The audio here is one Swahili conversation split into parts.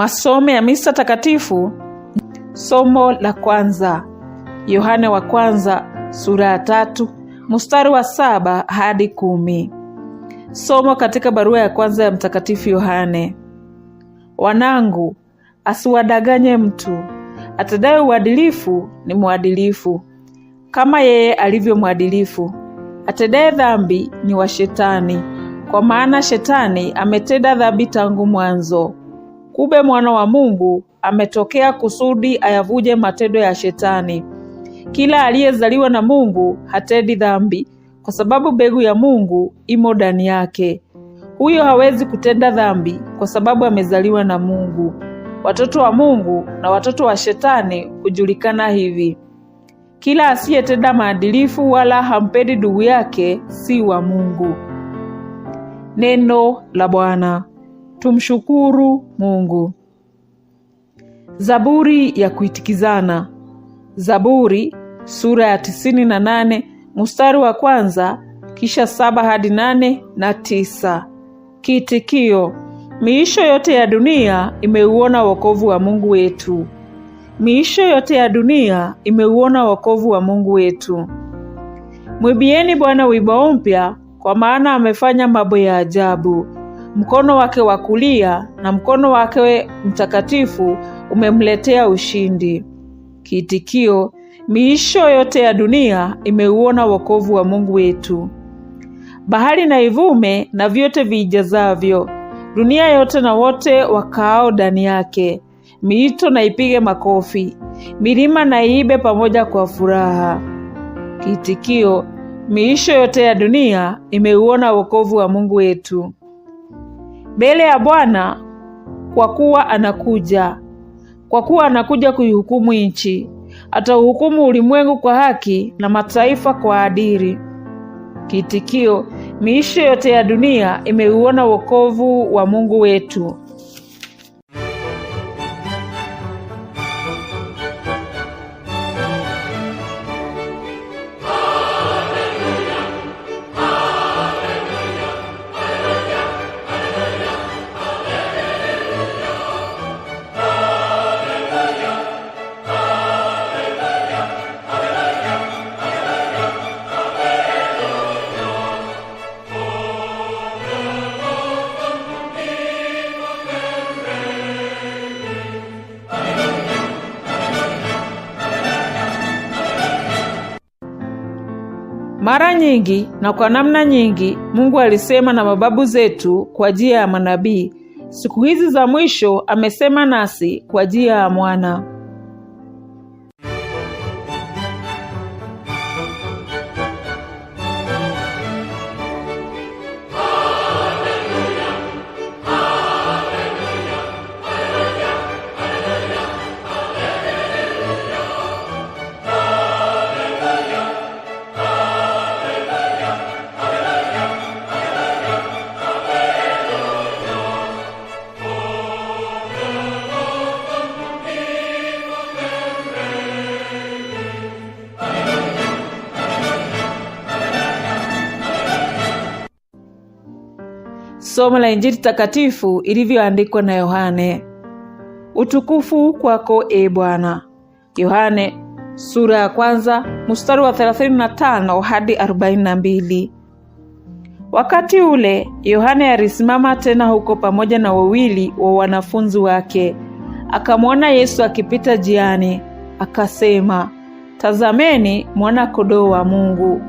Masomo ya Misa Takatifu. Somo la kwanza, Yohane wa kwanza sura ya tatu mstari wa saba hadi kumi. Somo katika barua ya kwanza ya Mtakatifu Yohane. Wanangu, asiwadanganye mtu. Atendaye uadilifu ni mwadilifu kama yeye alivyo mwadilifu. Atendaye dhambi ni wa Shetani, kwa maana Shetani ametenda dhambi tangu mwanzo kube mwana wa Mungu ametokea kusudi ayavuje matendo ya Shetani. Kila aliyezaliwa na Mungu hatendi dhambi, kwa sababu mbegu ya Mungu imo ndani yake. Huyo hawezi kutenda dhambi kwa sababu amezaliwa na Mungu. Watoto wa Mungu na watoto wa Shetani hujulikana hivi: kila asiyetenda maadilifu wala hampendi ndugu yake si wa Mungu. Neno la Bwana. Tumshukuru Mungu. Zaburi ya kuitikizana. Zaburi sura ya tisini na nane mstari wa kwanza kisha saba hadi nane na tisa. Kiitikio: miisho yote ya dunia imeuona wokovu wa Mungu wetu. Miisho yote ya dunia imeuona wokovu wa Mungu wetu. Mwibieni Bwana wimbo mpya, kwa maana amefanya mambo ya ajabu mkono wake wa kulia na mkono wake mtakatifu umemletea ushindi. Kiitikio: miisho yote ya dunia imeuona wokovu wa Mungu wetu. Bahari na ivume na vyote viijazavyo, dunia yote na wote wakaao ndani yake. Miito na ipige makofi, milima na iibe pamoja kwa furaha. Kiitikio: miisho yote ya dunia imeuona wokovu wa Mungu wetu mbele ya Bwana kwa kuwa anakuja, kwa kuwa anakuja kuihukumu nchi. Atauhukumu ulimwengu kwa haki na mataifa kwa adili. kitikio miisho yote ya dunia imeuona wokovu wa Mungu wetu. Mara nyingi na kwa namna nyingi Mungu alisema na mababu zetu kwa njia ya manabii. Siku hizi za mwisho amesema nasi kwa njia ya mwana. Somo la Injili takatifu ilivyoandikwa na Yohane. Utukufu kwako e Bwana. Yohane sura ya kwanza mstari wa 35 hadi 42. Wakati ule Yohane alisimama tena huko pamoja na wawili wa wanafunzi wake, akamwona Yesu akipita jiani, akasema, tazameni mwana kodoo wa Mungu.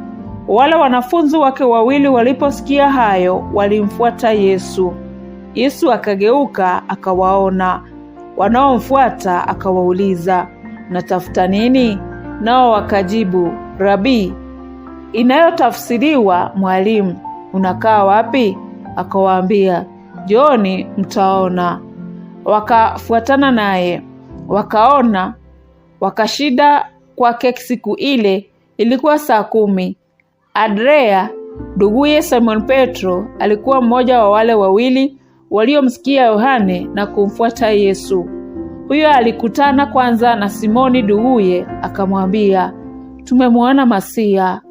Wale wanafunzi wake wawili waliposikia hayo, walimfuata Yesu. Yesu akageuka akawaona wanaomfuata, akawauliza, natafuta nini? Nao wakajibu, Rabii, inayotafsiriwa mwalimu, unakaa wapi? Akawaambia, Njooni mtaona. Wakafuatana naye wakaona. Wakashida kwake siku ile, ilikuwa saa kumi. Andrea, nduguye Simon Petro, alikuwa mmoja wa wale wawili waliomsikia Yohane na kumfuata Yesu. Huyo alikutana kwanza na Simoni nduguye, akamwambia, tumemwona Masia,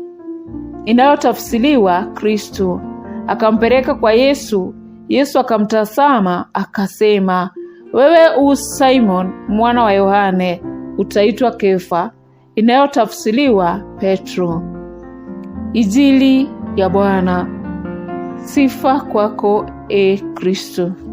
inayotafsiriwa Kristo. Akampeleka kwa Yesu. Yesu akamtazama akasema, wewe u Simon mwana wa Yohane, utaitwa Kefa, inayotafsiriwa Petro ijili ya Bwana. Sifa kwako, e Kristo.